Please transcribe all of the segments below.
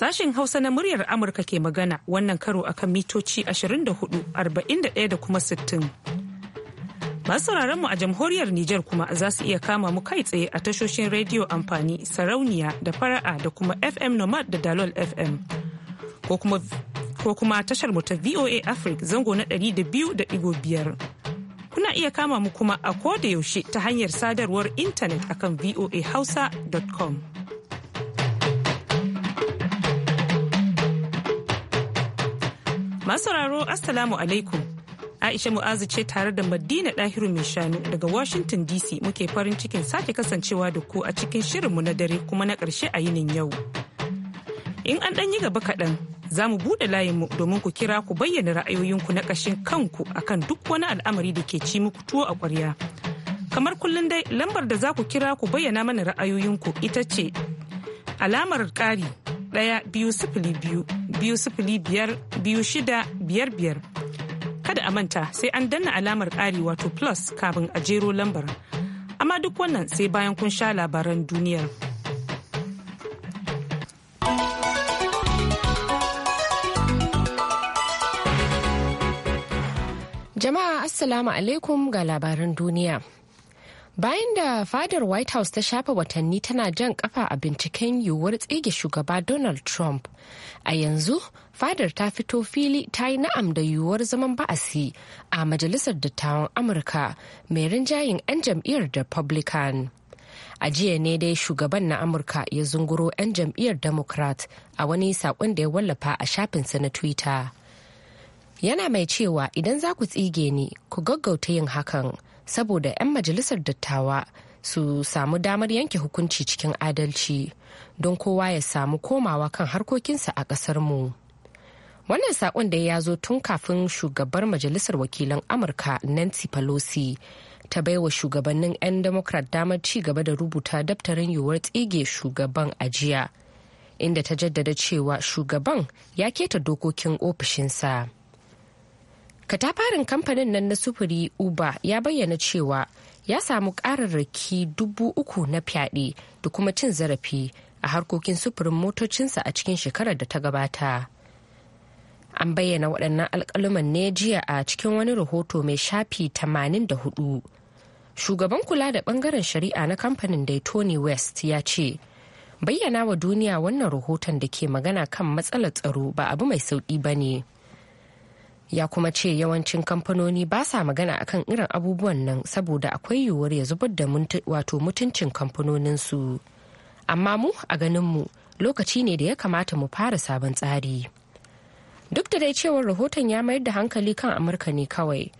Sashen Hausa na muryar Amurka ke magana wannan karo akan mitoci hudu da kuma 60. Masu mu a jamhuriyar Nijar kuma za su iya kama mu kai tsaye a tashoshin rediyo amfani sarauniya da fara'a da kuma FM Nomad da Dalol FM. Ko kuma tashar mu ta VOA Africa zango na 200.5. Kuna iya kama mu kuma a koda yaushe ta hanyar sadarwar intanet akan voahausa.com. Masauraro Assalamu alaikum. Aisha Mu'azu ce tare da Madina Dahiru mai shanu daga Washington DC muke farin cikin sake kasancewa da ku a cikin shirinmu na dare kuma na ƙarshe a yinin yau. In an ɗan yi gaba kaɗan, za mu buɗe layinmu domin ku kira ku bayyana ra'ayoyinku na ƙashin kanku akan duk wani al'amari da ke ci muku tuwo a ƙwarya. Kamar kullum dai lambar da za ku kira ku bayyana mana ra'ayoyinku ita ce alamar ƙari ɗaya biyu sifili biyu biyu sifili Kada a manta sai an danna alamar ƙari wato plus kafin a jero lambar. Amma duk wannan sai bayan kun sha labaran duniyar. Jama'a Assalamu alaikum ga labaran duniya. Bayan da fadar White House ta shafa watanni tana jan kafa a binciken yiwuwar tsige shugaba Donald Trump, a yanzu fadar ta fito fili ta yi na'am da yiwuwar zaman ba'asi a Majalisar Dattawan Amurka mai rinjayin 'yan jam'iyyar Republican. A jiya ne dai shugaban na Amurka ya zunguro 'yan jam'iyyar Democrat a wani saƙon da ya wallafa a shafinsa na Twitter. Yana mai cewa idan za ku tsige ni, ku gaggauta yin hakan. saboda 'yan majalisar dattawa su samu damar yanke hukunci cikin adalci don kowa ya samu komawa kan harkokinsa a mu Wannan saƙon da ya zo tun kafin shugabar majalisar wakilan Amurka Nancy Pelosi ta baiwa shugabannin 'yan Democrat damar ci gaba da rubuta daftarin yiwuwar tsige shugaban ajiya, inda ta jaddada cewa shugaban ya keta dokokin ofishinsa. katafarin kamfanin nan na sufuri uber ya bayyana cewa ya samu ƙararraki dubu uku na fyaɗe da kuma cin zarafi a harkokin sufurin motocinsa a cikin shekarar da ta gabata an bayyana waɗannan alƙaluman ne jiya a cikin wani rahoto mai shafi 84 shugaban kula da ɓangaren shari'a na kamfanin dai tony west ya ce bayyana wa duniya wannan rahoton da ke magana kan matsalar tsaro ba abu mai sauƙi ba ne. ya kuma ce yawancin kamfanoni ba sa magana akan irin abubuwan nan saboda akwai yiwuwar ya zubar da wato mutuncin kamfanoninsu amma mu a ganinmu lokaci ne da ya kamata mu fara sabon tsari duk da dai cewar rahoton ya mayar da hankali kan amurka ne kawai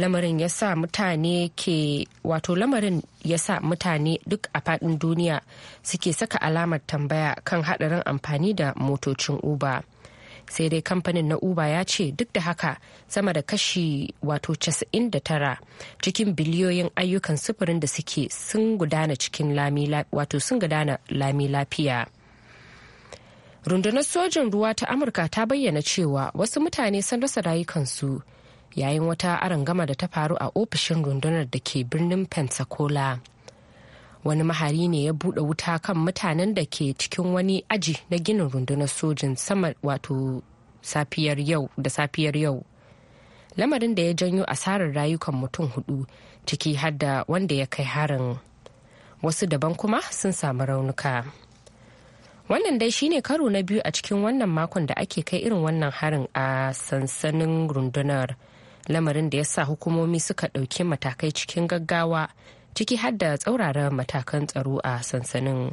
lamarin ya sa mutane ke wato lamarin ya sa mutane duk a faɗin duniya suke saka alamar tambaya kan haɗarin amfani da motocin uber sai dai kamfanin na uber ya ce duk da haka sama da kashi wato 99 cikin biliyoyin ayyukan sufurin da suke sun gudana cikin wato sun gudana lami lafiya rundunar sojan ruwa ta amurka ta bayyana cewa wasu mutane sun rasa rayukansu yayin wata arangama da ta faru a ofishin rundunar da ke birnin pensacola wani mahari ne ya buɗe wuta kan mutanen da ke cikin wani aji na ginin rundunar sojin sama wato safiyar yau da safiyar yau lamarin da ya janyo asarar rayukan mutum hudu ciki har da wanda ya kai harin wasu daban kuma sun samu raunuka wannan dai shine karo na biyu a cikin wannan makon da ake kai irin wannan harin a sansanin rundunar lamarin da ya sa hukumomi suka ɗauki matakai cikin gaggawa ciki har da tsauraran matakan tsaro a sansanin.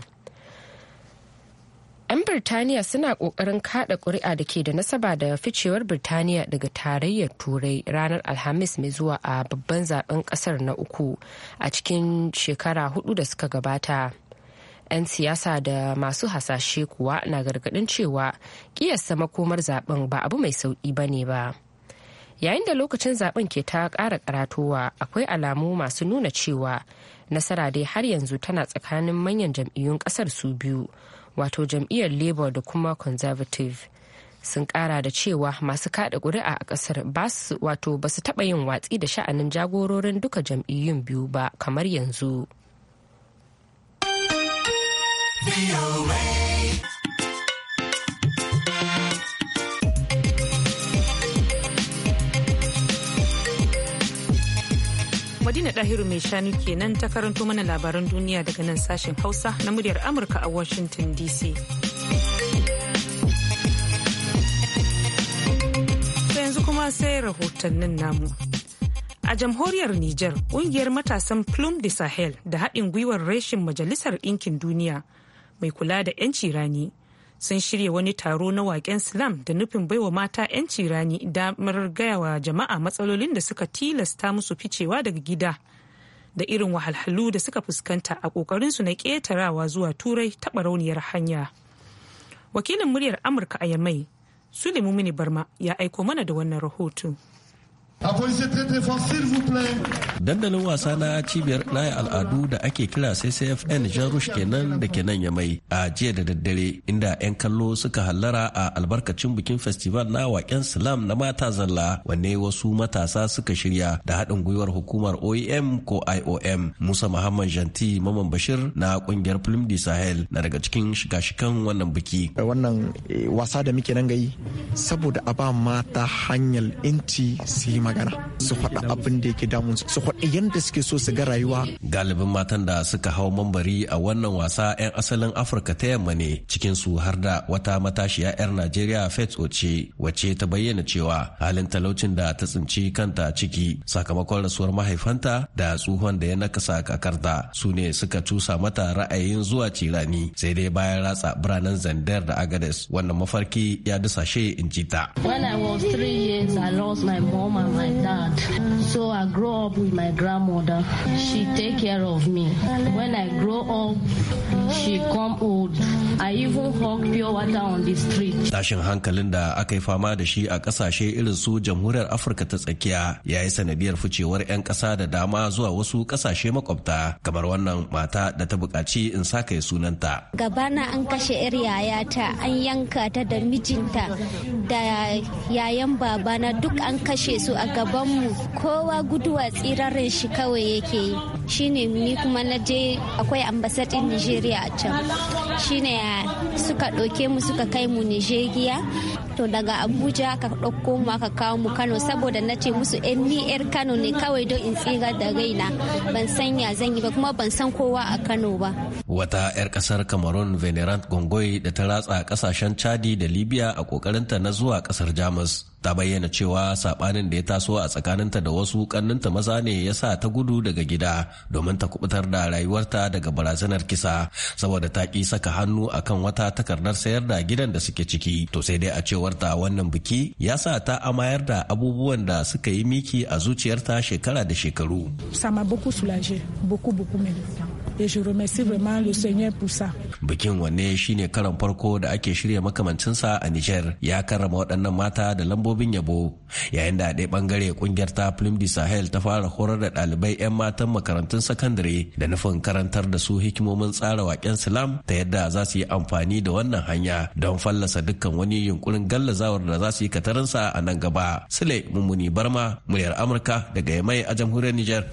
'yan birtaniya suna kokarin kada kuri'a da ke da nasaba da ficewar birtaniya daga tarayyar turai ranar alhamis mai zuwa a babban zaben kasar na uku a cikin shekara hudu da suka gabata 'yan siyasa da masu hasashe kuwa na gargadin cewa kiyasta makomar zaben ba abu mai sauki ba ne ba yayin da lokacin zaben ke ta ƙara karatowa akwai alamu masu nuna cewa nasara dai har yanzu tana tsakanin manyan jam'iyyun ƙasar su biyu wato jam'iyyar labour da kuma conservative sun kara da cewa masu kada kuri'a a kasar wato ba su taba yin watsi da sha'anin jagororin duka jam'iyyun biyu ba kamar yanzu. Madina Dahiru mai shanu kenan ta karanto mana labaran duniya daga nan sashen Hausa na muryar Amurka a Washington DC. yanzu kuma sai rahotannin namu. A jamhuriyar Nijar, ƙungiyar matasan Plum de Sahel da haɗin gwiwar reshin Majalisar Ɗinkin Duniya mai kula da 'yanci rani sun shirya wani taro na waken slam da nufin baiwa mata 'yanci rani damar gaya wa jama'a matsalolin da suka tilasta musu ficewa daga gida da irin wahalhalu da suka fuskanta a su na ƙetarawa zuwa turai taɓa rauniyar hanya wakilin muryar amurka a yamai sulemu mini barma ya aiko mana da wannan rahoto Dandalin wasa na cibiyar laya al'adu da ake kira CCFN Jean Rouge kenan da kenan ya mai a jiya da daddare inda 'yan kallo suka hallara a albarkacin bikin festival na waken slam na mata zalla wanne wasu matasa suka shirya da haɗin gwiwar hukumar OEM ko IOM. Musa Muhammad Janti Maman Bashir na kungiyar Film di Sahel na daga cikin shika-shikan wannan biki. Wannan eh, wasa da muke nan gai saboda a ba mata hanyar inci su yi magana su faɗa abin da yake damun su faɗa yadda suke so su ga rayuwa galibin matan da suka hau mambari a wannan wasa 'yan asalin afirka ta yamma ne cikin su har da wata matashiya 'yar najeriya faith oce wacce ta bayyana cewa halin talaucin da ta tsinci kanta ciki sakamakon rasuwar mahaifanta da tsohon da ya nakasa kakarta su ne suka cusa mata ra'ayin zuwa cirani sai dai bayan ratsa biranen zandar da agades wannan mafarki ya dusashe in ji ta when i was three years i lost my mom my dad. So I grow up with my grandmother. She take care of me. When I grow up, she come old. I even hug pure water on the street. Tashin hankalin da aka yi fama da shi a kasashe irin su jamhuriyar Afirka ta tsakiya ya yi sanadiyar ficewar 'yan ƙasa da dama zuwa wasu ƙasashe makwabta kamar wannan mata da ta buƙaci in sa kai sunanta. Gabana an kashe 'yar yayata an yanka ta da mijinta da yayan babana duk an kashe su a gabanmu kowa guduwa tsirar shi kawai yake yi shi ne ni kuma na je akwai ambasadin nigeria a can shi ne suka ɗauke mu suka kai mu nigeria to daga abuja ka ɗauko mu aka kawo mu kano saboda na ce musu yan eh, ni yar kano ne kawai don in tsira da raina ban san ya zan yi ba kuma ban san kowa a kano ba wata yar kasar cameroon venerant gongoi da ta ratsa kasashen chadi da libya a kokarinta na zuwa kasar jamus ta bayyana cewa sabanin da ya taso a tsakaninta da wasu kanninta maza ne ya sa ta gudu daga gida domin ta kubutar da rayuwarta daga barazanar kisa saboda ta ki saka hannu akan wata takardar sayar da gidan da suke ciki to sai dai a cewarta wannan biki ya sa ta amayar da abubuwan da suka yi miki a zuciyarta shekara da shekaru Bikin wanne shine karan farko da ake shirya makamancinsa a Niger ya karrama waɗannan mata da lambo lambobin yabo yayin da ɗaya ɓangare ƙungiyar ta de Sahel ta fara horar da ɗalibai 'yan matan makarantun sakandare da nufin karantar da su hikimomin tsara waken silam ta yadda za su yi amfani da wannan hanya don fallasa dukkan wani yunkurin gallazawar da za su yi katarinsa a nan gaba. Sule Mummuni Barma, muryar Amurka daga Yamai a jamhuriyar niger.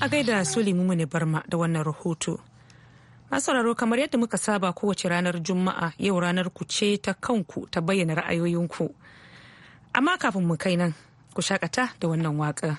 A gaida Sule Mummuni Barma da wannan rahoto. sauraro kamar yadda muka saba kowace ranar juma'a yau ranar ku ce ta kanku ta bayyana ra'ayoyinku amma kafin mu kai nan ku shakata da wannan waƙa.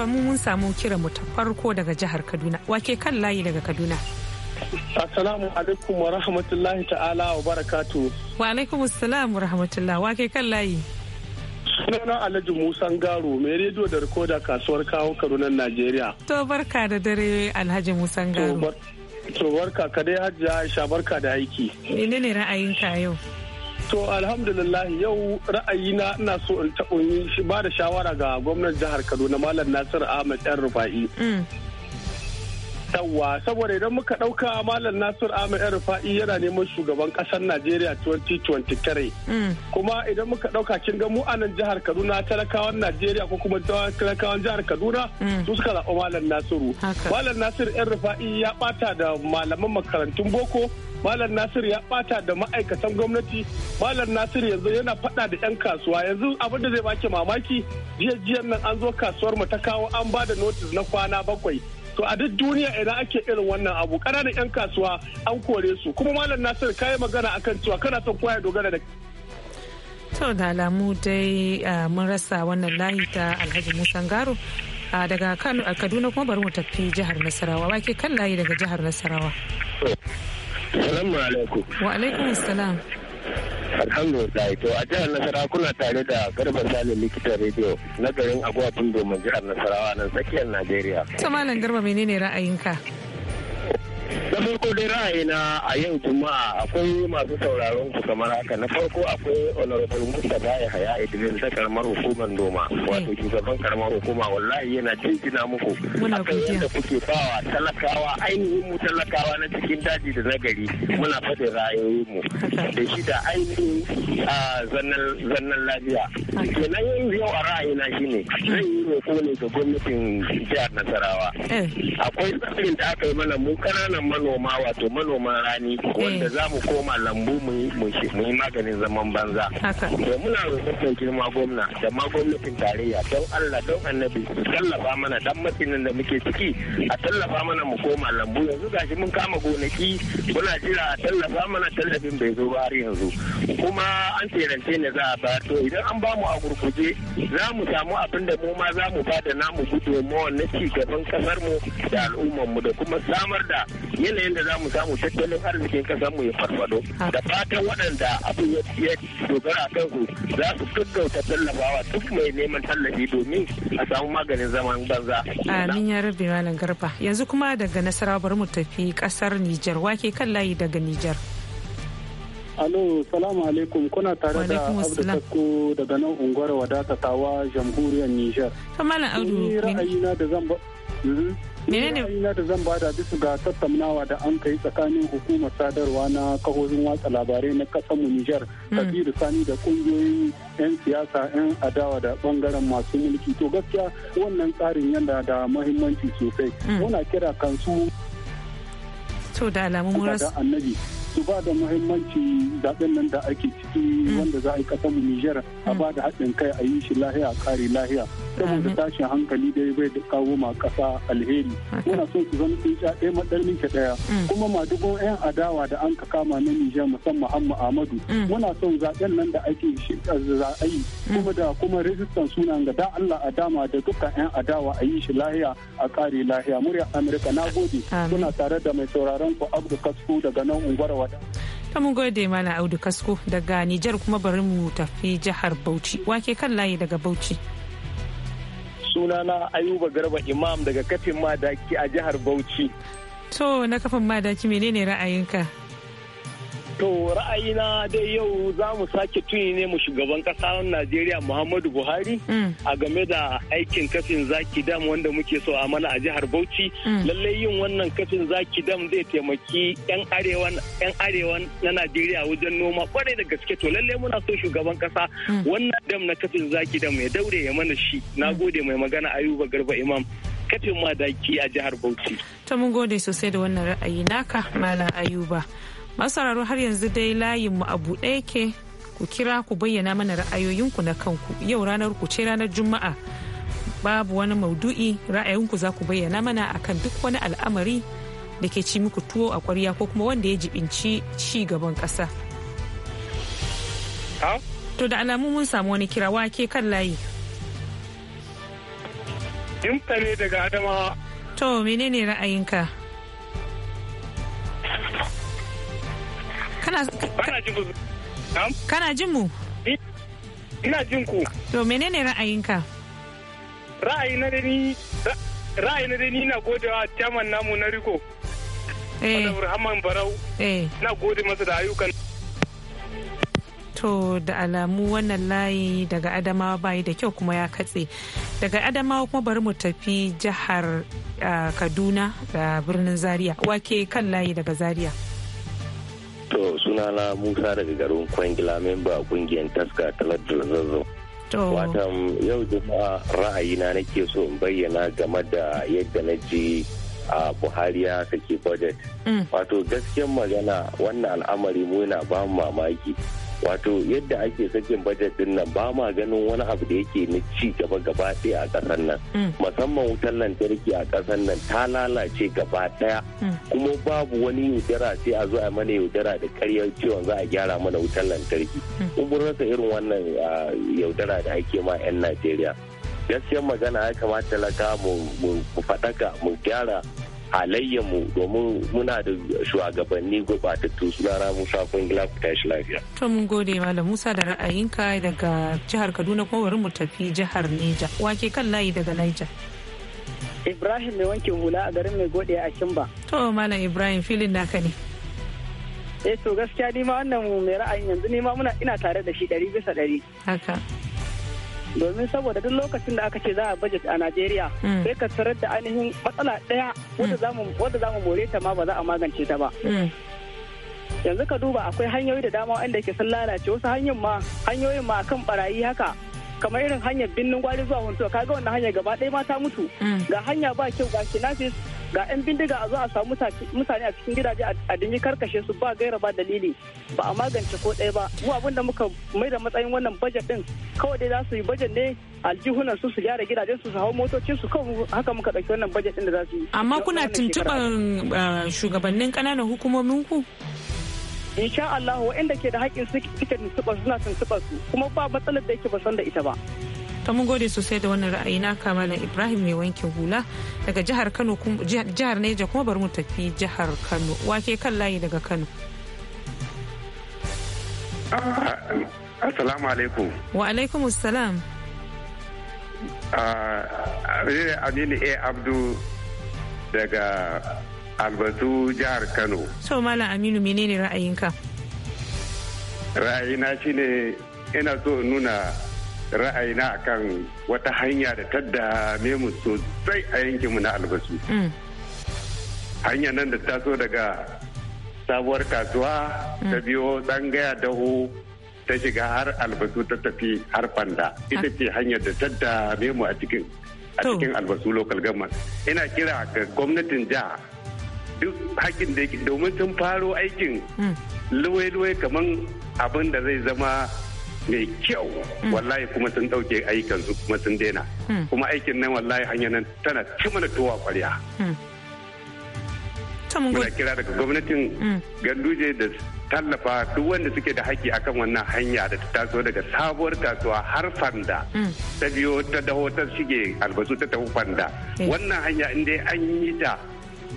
cewa mu mun samu kiran mu ta farko daga jihar Kaduna. Wake kan layi daga Kaduna. Assalamu alaikum wa rahmatullahi ta'ala wa barakatu. Wa alaikum assalam wa rahmatullah. Wake kan layi. Sunana Alhaji Musa Garo mai rediyo da rikoda kasuwar kawo Kaduna Najeriya. To barka da dare Alhaji Musa Garo. To barka ka dai Hajiya Aisha barka da aiki. Menene ra'ayinka yau? To alhamdulillah yau ra'ayina ina so in taɓa shi ba da shawara ga gwamnan jihar Kaduna Malam Nasir Ahmed ɗan Rufa'i. Mm. Yawwa saboda idan muka ɗauka Malam Nasir Ahmed ɗan Rufa'i yana neman shugaban ƙasar Najeriya 2023. Mm. Kuma idan muka ɗauka kin ga mu a nan jihar Kaduna talakawan Najeriya ko kuma talakawan jihar Kaduna mm. su suka zaɓa Malam Nasiru. Malam Nasir ɗan Rufa'i ya ɓata da malaman makarantun boko. malam nasir ya bata da ma'aikatan gwamnati malam nasir yanzu yana fada da 'yan kasuwa yanzu abin da zai baki mamaki jiya nan an zo kasuwar mu ta kawo an ba da notice na kwana bakwai to a duk duniya idan ake irin wannan abu ƙananan 'yan kasuwa an kore su kuma malam nasir kayi magana akan cewa kana son ya dogara da to da alamu dai mun rasa wannan layi ta alhaji musa Ngaro daga kano a kaduna kuma bari mu tafi jihar nasarawa wake kan layi daga jihar nasarawa Salamu alaikum. Wa alaikum salam. Alhamdulillah to a jihar Nasarawa kuna tare da Garba Salim likitan Radio na garin Agwa mai jihar Nasarawa nan tsakiyar Najeriya. Ta Malam Garba menene ra'ayinka? na farko dai ra'ayina a yau juma'a akwai masu sauraron ku kamar haka na farko akwai honorable Musa ya haya idris ta karamar hukumar noma wato shugaban karamar hukuma wallahi yana jinjina muku akan kuke bawa talakawa ainihin mu talakawa na cikin daji da nagari muna fata ra'ayoyin mu da shi da ainihin zannan lafiya kenan yau a ra'ayina shine zan yi roƙo ne ga gwamnatin jihar nasarawa eh. akwai tsarin da aka yi mana mu ƙananan manoma wato manoman rani eh. wanda za mu koma lambu mu yi maganin zaman banza. To muna roƙon girma gwamna da ma gwamnatin tarayya don Allah don annabi su tallafa mana dan matsinin da muke ciki a tallafa mana mu koma lambu yanzu gashi mun kama gonaki muna jira a tallafa mana tallafin bai zo ba har yanzu kuma an terance ne za a ba to idan an bamu a gurguje za mu samu abin da mu ma za mu ba da namu gudunmawa na ci gaban kasar mu da al'ummar mu da kuma samar da yanayin da za mu samu tattalin arzikin kasar mu ya farfado da fatan waɗanda abu ya dogara kan su za su gaggauta tallafawa duk mai neman tallafi domin a samu maganin zaman banza. Amin ya rabe malam garba yanzu kuma daga nasarawa bari mu tafi kasar Nijar wake kan layi daga Nijar. Alo, salamu alaikum kuna tare da Abdu daga nan unguwar wadata tawa jamhuriyar Nijar. Kamala Abdu. Ni ra'ayina da zan ba. Mhm. menene ina da zan bada bisa ga tattaunawa da an kai tsakanin hukumar sadarwa na kahohin watsa labarai na kasar mu Nijar da hmm. Sani da kungiyoyin yan siyasa yan adawa da bangaren masu mulki to gaskiya wannan tsarin yana da muhimmanci sosai hmm. muna kira kansu to da alamun annabi su ba da muhimmanci zaben nan da ake ciki mm. wanda za a yi kasar mu Nijar a mm. ba da haɗin kai a yi shi lahiya a kare lahiya saboda tashin hankali dai bai da kawo ma ƙasa alheri muna so su zama sun sha ɗaya matsarmin ke ɗaya mm. kuma ma dubu yan adawa da an ka kama na Nijar musamman Hamma Ahmadu muna son zaben nan da ake shi a yi kuma da kuma rijistan sunan ga da Allah a dama da dukkan yan adawa a yi shi lahiya a kare lahiya murya Amurka na gode suna tare da mai sauraron ku Abdu Kasku daga nan Ungwara Ta mun gode mana Audu Kasko daga Nijar kuma bari mu tafi jihar Bauchi. Wake kan layi daga Bauchi. Sunana Ayuba Garba Imam daga kafin madaki a jihar Bauchi. To na kafin madaki menene ra'ayinka? To ra'ayina dai yau za mu sake tuni ne mu shugaban kasar Najeriya Muhammadu Buhari mm. a game da aikin kafin zaki dam wanda muke so a mana a jihar Bauchi. Mm. Lallai yin wannan kafin zaki dam zai taimaki 'yan arewa na Najeriya wajen noma kwarai da gaske to lallai muna so shugaban kasa mm. wannan dam na kafin zaki dam ya daure ya mana shi. Na gode mai magana Ayuba Garba Imam. Kafin madaki a jihar Bauchi. Ta mun gode sosai da wannan ra'ayi naka Malam Ayuba. masararru har yanzu dai layin mu abu buɗe yake ku kira ku bayyana mana ra'ayoyinku na kanku yau ranar ku ce ranar juma'a babu wani maudu'i ra'ayinku za ku bayyana mana akan duk wani al'amari da ke ci muku tuwo a kwarya ko kuma wanda ya jibinci ci gaban ƙasa. To da alamu mun samu wani kira wake kan layi. Yimta daga Adamawa. To menene ra'ayinka? Kana Kana jin mu? Ina jin ku. To menene ra'ayinka? Ra'ayi na dani ra'ayi na dani na godewa chairman namu na Riko. Eh. Rahman Barau. Eh. Na gode masa da ayyukan to da alamu wannan layi daga adamawa bayi da kyau kuma ya katse daga adamawa kuma bari mu tafi jihar ah, kaduna da ah, birnin zaria wake kan layi daga zaria To sunana Musa daga garin Kwangila memba kungiyar taska ta talatar zazzau. Watan yau juma'a ra'ayina nake so in bayyana game da yadda na ji a Buhari ya sake budget. Mm. Wato gaskiyar magana wannan al'amari muna ba mamaki. wato yadda ake sakin bajet din nan ba ma ganin wani abu da yake na ci gaba gaba ɗaya a ƙasar nan mm. musamman wutar lantarki a ƙasar nan ta lalace gaba ɗaya mm. kuma babu wani yaudara sai a zo a mana yaudara da karyar cewa za a gyara mana wutar lantarki in mm. rasa irin wannan yaudara da ake ma 'yan najeriya gaskiyar magana ya kamata laka mu faɗaka mu gyara mu domin muna da shugabanni suna ramu musa kungila ku tashi lafiya. to mun gode malam musa da ra'ayinka daga jihar kaduna kuma bari mu tafi jihar neja wake kan layi daga naija. ibrahim mai wanke hula a garin mai gode a kimba. to malam ibrahim filin naka ne. eh to gaskiya ni ma wannan mai ra'ayin yanzu ni ma muna ina tare da shi ɗari bisa ɗari. haka. domin saboda duk lokacin da aka ce za a budget a Najeriya hmm. sai ka tarar da ainihin matsala ɗaya wadda hmm. za mu more ta ma ba za a magance ta ba. Hmm. Yanzu ka duba akwai hanyoyi da dama wanda ke sun lalace wasu hanyoyin ma hanyoyin ma akan barayi haka kamar irin hanyar binnin gwari zuwa hunto kaga wannan hanyar gaba ɗaya ma ta mutu ga hanya ba kyau ga kinafis ga 'yan bindiga a zo a samu mutane a cikin gidaje a dinyi karkashe su ba gaira ba dalili ba a magance ko ɗaya ba mu abin da muka mai da matsayin wannan bajet din kawai dai za su yi bajet ne aljihunan su su gyara gidajen su su hau motocin su kawai haka muka ɗauki wannan bajet din da za su yi amma kuna tuntuɓar eh, shugabannin ƙananan hukumomin ku insha Allah waɗanda ke da haƙƙin suke tuntuɓar suna tuntuɓar su kuma ba matsalar da yake ba san da ita ba ka mun gode sosai da wannan ra'ayi na kamala Ibrahim mai wankin hula daga jihar Kano jihar Neja kuma bari mu tafi jihar Kano. Wake kan layi daga Kano. Ah, assalamu alaikum. Wa alaikum assalam. Ah, Aminu A. Abdu daga albatu jihar Kano. So Malam Aminu menene ra'ayinka? Ra'ayina shine ina so nuna ra'ayina kan wata hanya da ta dame mu sosai a yankinmu na albasu mm. hanya nan da ta taso daga sabuwar kasuwa ta mm. biyo tsangaya daho ta shiga har albasu ta tafi har fanda ita ah. ce hanyar da ta dame mu a cikin albasu lokal gama. ina kira ga gwamnatin ja duk hakin da domin sun faro aikin mm. luwai-luwai kamar abin da zai zama mai kyau mm. wallahi kuma sun ɗauke ayyukan su kuma sun daina mm. kuma aikin nan wallahi hanyar nan tana ci mana tuwa kwarya mm. muna kira daga gwamnatin ganduje da tallafa duk wanda suke da haƙƙi akan wannan hanya da ta taso daga sabuwar kasuwa har fanda ta biyo ta daho ta shige albasu ta tafi fanda eh. wannan hanya in dai an yi ta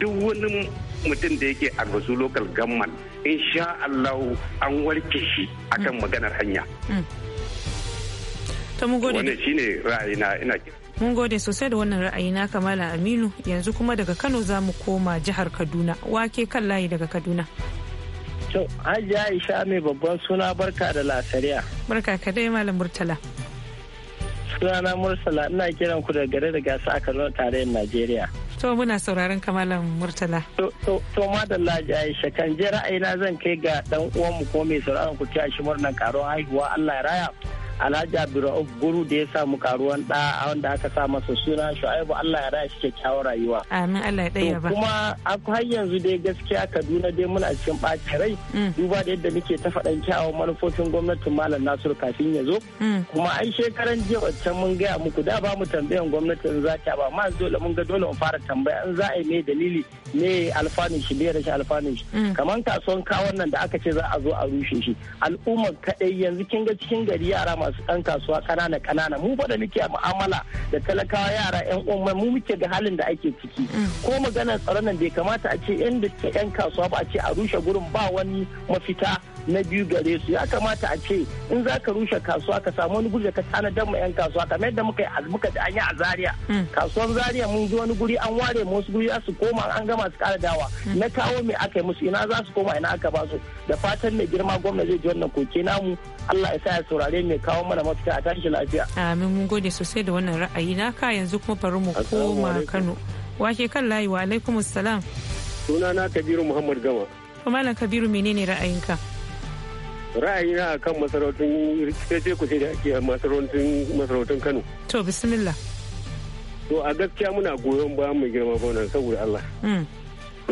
duk wani mutum da yake a gasu local gamman insha Allah an warke shi akan maganar hanya. Ta mun gode. Wannan shine ra'ayina ina Mun gode sosai da wannan ra'ayi na Kamala Aminu yanzu kuma daga Kano za mu koma jihar Kaduna wake kan layi daga Kaduna. To Hajiya Aisha mai babban suna barka da lasariya. Barka ka dai Malam Murtala. Sunana Murtala ina kiran ku daga gare da gasa a Kano tarayyar Najeriya. To muna sauraron kamalan Murtala. To madalla Aisha kan je ra'ayina zan kai ga dan uwanmu ko mai sauraron ku ci a shi murnan karon haihuwa Allah ya raya. alhaji abdurrauf guru da ya samu karuwan da wanda aka sa masa suna shu'aibu allah ya raya shi kyakkyawar rayuwa amin allah ya ba kuma har yanzu dai gaskiya kaduna dai muna cikin ɓacin rai mm. duba da yadda muke ta faɗan kyawun manufofin gwamnatin malam nasiru kafin ya zo mm. kuma ai shekaran jiya waccan mun gaya muku da ba mu tambayan gwamnatin za ta ba ma dole mun ga dole mu fara tambaya in za a yi me dalili ne alfanun shi me rashin alfanun shi mm. kamar kasuwan kawon da aka ce za a zo a rushe shi al'ummar kaɗai yanzu kin ga cikin gari yara masu ɗan kasuwa kanana kanana mu fa da muke mu'amala da talakawa yara yan uwan mu muke ga halin da ake ciki ko magana tsaron nan bai kamata a ce yan kasuwa ba a ce a rushe gurin ba wani mafita na biyu gare su ya kamata a ce in za ka rushe kasuwa ka samu wani guri da ka tanadar ma 'yan kasuwa kamar yadda muka yi muka da an a zaria hmm. kasuwan zaria mun ji wani guri an ware musu wasu guri za su koma an gama su kara dawa hmm. na kawo me aka yi musu ina za su koma ina aka ba su da fatan mai girma gwamna zai ji wannan koke namu Allah ya sa ya saurare mai kawo mana mafita a tashi lafiya. Amin mun gode sosai da wannan ra'ayi naka yanzu kuma bari mu koma Kano. Wake kan layi wa alaikumus salam. Sunana Kabiru Muhammad Gama. Malam Kabiru menene ra'ayinka? ra'ayina a kan masarautun rikice ku da ake masarautun kano to bismillah to a gaskiya muna goyon ba mu girma wannan saboda allah hmm.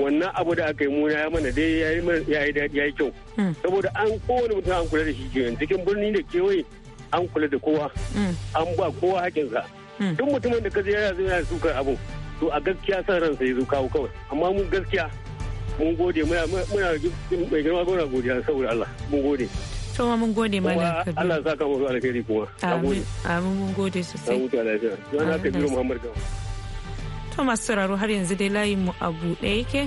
wannan abu da aka yi muna ya mana dai ya yi daɗi ya yi kyau hmm. saboda an kowane mutum an kula da shi kenan cikin birni da kewaye an kula da kowa hmm. an ba kowa hakinsa duk mutumin da ka zai yana zuwa abu to a gaskiya san ransa ya zo kawo kawai amma mu gaskiya mun gode muna muna mai girma muna godiya saboda Allah mun gode to ma mun gode mana Allah ya saka mu alheri kuma amin amin mun gode sosai mun gode lafiya yana kabiru Muhammad ga to ma sauraro har yanzu dai layin mu a buɗe yake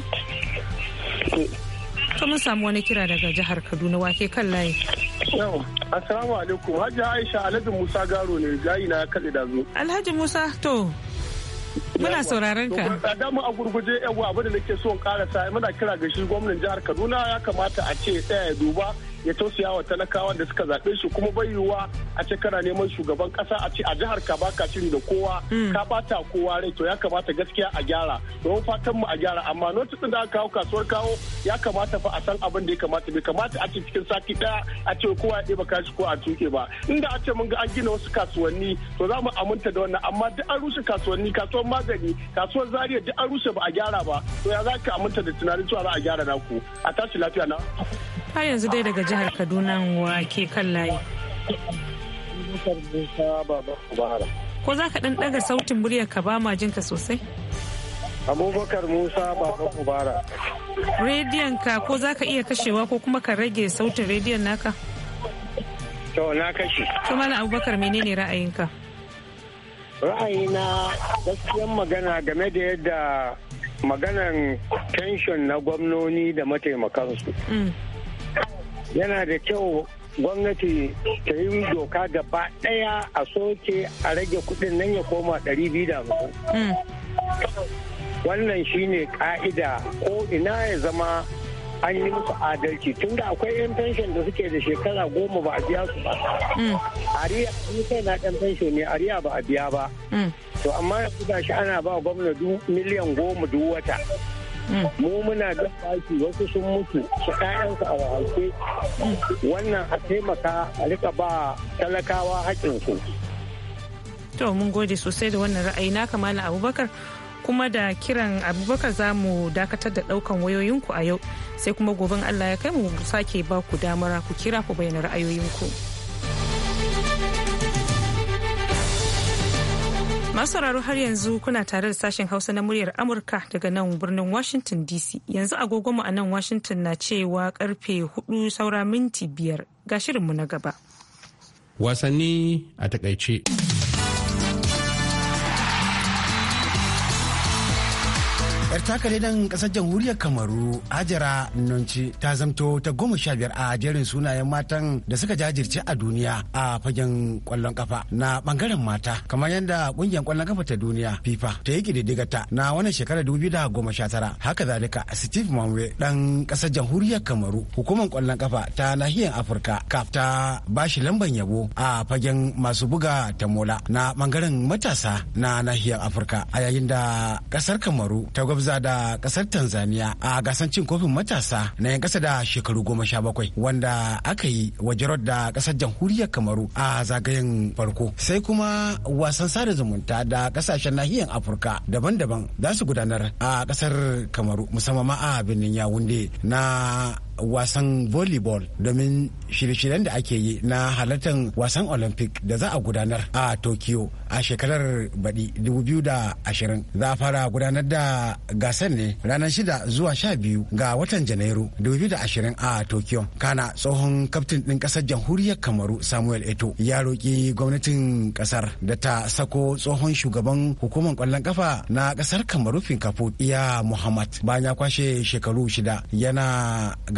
to mun samu wani kira daga jihar Kaduna wake kan layi Assalamu alaikum. Hajji Aisha Alhaji Musa Garo ne, jayi na kaɗe da zo. Alhaji Musa, to, muna sauraron ka tsada mu a gurguje yawa abin da nake so karasa muna kira ga shi gwamnan jihar Kaduna ya kamata a ce tsaya ya duba ya tausaya wa talakawan da suka zaɓe shi kuma bai yiwuwa a ce kana neman shugaban kasa a ce a jihar ka baka shiri da kowa mm. ka bata kowa rai to ya kamata gaskiya a gyara don fatan mu a gyara amma din da aka kawo kasuwar kawo ya kamata fa a san abin da ya kamata bai kamata a ce cikin sati daya a ce kowa ya ɗeba kashi ko a tuke ba inda a ce mun ga an gina wasu kasuwanni to za mu aminta da wannan amma duk an rushe kasuwanni kasuwan ma magani kasuwar Zariya duk an rushe ba a gyara ba to ya za ka aminta da tunanin cewa za a gyara na ku a tashi lafiya na. har yanzu dai daga jihar kaduna wa ke kan layi. ko za ka dan daga sautin muryar ka ba ma sosai. abubakar musa baba kubara rediyon ka ko za ka iya kashewa ko kuma ka rage sautin rediyon naka to na kashe to malam abubakar menene ra'ayinka ra'ayina gaskiyan magana game da yadda maganan tension na gwamnoni da mataimakansu mm. yana da kyau gwamnati ta yi doka gaba daya a soke a rage kudin nan ya koma 250 mm. wannan shine ka'ida ko ina ya zama an yi musu adalci tun da akwai 'yan fenshon da suke da shekara goma ba a biya su ba mm. ariya ni kai na dan ne ariya ba a biya ba mm. to amma yanzu shi ana ba gwamna miliyan goma duk wata mm. mu muna da baki wasu sun mutu su ƴaƴansu a wahalce wannan a taimaka a rika ba talakawa haƙƙinsu. to mun gode sosai da wannan ra'ayi na kamala abubakar kuma da kiran abubakar za mu dakatar da daukan wayoyinku a yau sai kuma goben allah ya kai mu sake ba ku damar ku kira ku bayyana ra'ayoyinku masu masauraro har yanzu kuna tare da sashen hausa na muryar amurka daga nan birnin washington dc yanzu agogonmu a nan washington na cewa karfe hudu saura minti biyar ga shirinmu na gaba wasanni a takaice yar takaridan kasar jamhuriyar kamaru hajara nonci ta zamto ta goma sha biyar a jerin sunayen matan da suka jajirce a duniya a fagen kwallon kafa na bangaren mata kamar yadda kungiyar kwallon kafa ta duniya fifa ta yi ta na wannan shekarar dubu da goma sha tara haka zalika steve manwe dan kasar jamhuriyar kamaru hukumar kwallon kafa ta nahiyar afirka kaf ta bashi lamban yabo a fagen masu buga ta mola na bangaren matasa na nahiyar afirka a yayin da kasar kamaru ta gwabza Hamza da kasar Tanzania a gasar cin kofin matasa na 'yan kasa da shekaru goma sha bakwai wanda aka yi wa Jarod da kasar jamhuriyar Kamaru a zagayen farko. Sai kuma wasan sada zumunta da kasashen nahiyar Afirka daban-daban za su gudanar a kasar Kamaru musamman a birnin Yawunde na wasan volleyball domin shirye-shiryen da ake yi na halartar wasan olympic da za a gudanar a tokyo a shekarar baɗi 2020 za a fara gudanar da gasar ne ranar 6 zuwa 12 ga watan janairu 2020 a tokyo kana tsohon kaftin ɗin ƙasar jamhuriyar kamaru samuel eto ya roƙi gwamnatin ƙasar da ta sako tsohon shugaban hukumar ƙwallon ƙafa na ƙasar kamaru finkafo iya muhammad bayan ya kwashe shekaru shida yana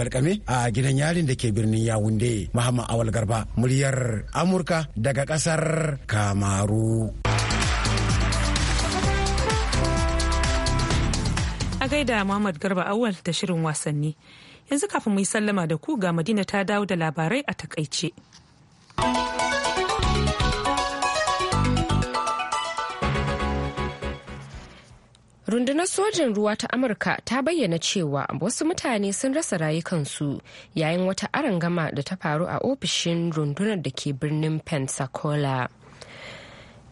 garkame a gidan yarin da ke birnin yawunde muhammad awal garba muryar amurka daga kasar kamaru a gaida muhammad garba awal da shirin wasanni yanzu kafin mu yi sallama da ku ga madina ta dawo da labarai a takaice. rundunar sojin ruwa ta amurka ta bayyana cewa wasu mutane sun rasa rayukansu yayin wata arangama da ta faru a ofishin rundunar da ke birnin pensacola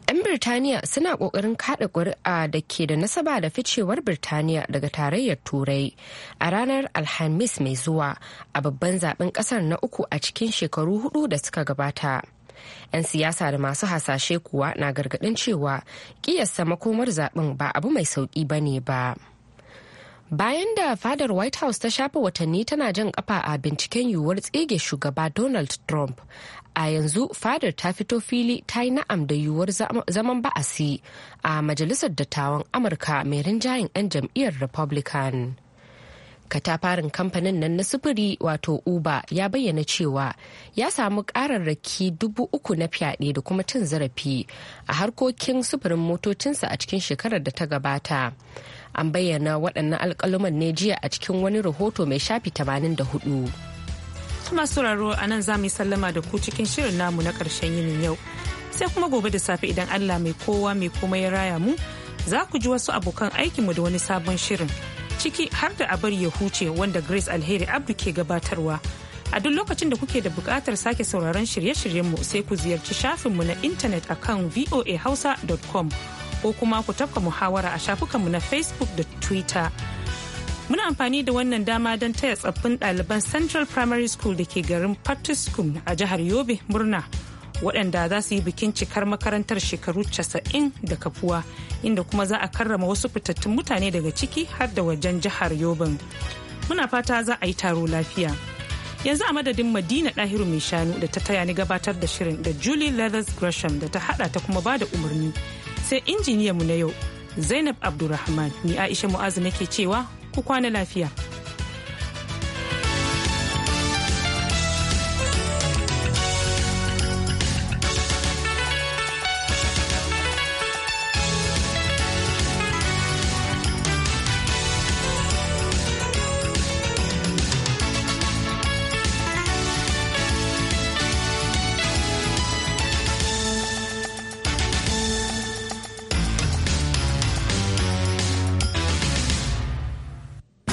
'yan birtaniya suna ƙoƙarin kaɗa ƙuri'a da ke da nasaba da ficewar birtaniya daga tarayyar turai a ranar alhamis mai zuwa a babban zaben ƙasar na uku a cikin shekaru hudu da suka gabata 'Yan siyasa da masu hasashe kuwa na gargaɗin cewa ƙiyasta makomar zaɓen ba abu mai sauƙi ba ne ba. Bayan da fadar White House ta shafe watanni tana jan kafa a binciken yiwuwar tsige shugaba Donald Trump, a yanzu fadar ta fito fili ta yi na'am da yiwuwar zaman ba'asi a Majalisar Dattawan Amurka mai rinjayen 'yan jam'iyyar Republican. katafarin kamfanin nan na sufuri wato uber ya bayyana cewa ya samu kararraki dubu uku na fyaɗe da kuma cin zarafi a harkokin sufurin motocinsa a cikin shekarar da ta gabata an bayyana waɗannan alƙaluman ne jiya a cikin wani rahoto mai shafi 84 masu sauraro a nan za mu yi sallama da ku cikin shirin namu na ƙarshen yinin yau sai kuma gobe da safe idan allah mai kowa mai komai ya raya mu za ku ji wasu abokan aikinmu da wani sabon shirin ciki har da a bari ya huce wanda Grace Alheri Abdu ke gabatarwa. A duk lokacin da kuke da buƙatar sake sauraron shirye-shiryenmu sai ku ziyarci shafinmu na intanet akan voahausa.com ko kuma ku tafka muhawara a shafukanmu na Facebook da Twitter. Muna amfani da wannan dama don taya tsaffin ɗaliban Central Primary School da ke garin Patiskum a jihar Yobe murna. waɗanda za su yi bikin cikar makarantar shekaru 90 da kafuwa inda kuma za a karrama wasu fitattun mutane daga ciki har da wajen jihar yobin muna fata za a yi taro lafiya yanzu a madadin madina ɗahiru mai shanu da ta taya ni gabatar da shirin da julie leathers gresham da ta hada ta kuma bada umarni sai injiniyanmu na yau zainab abdulrahman ni aisha mu'azu nake cewa ku kwana lafiya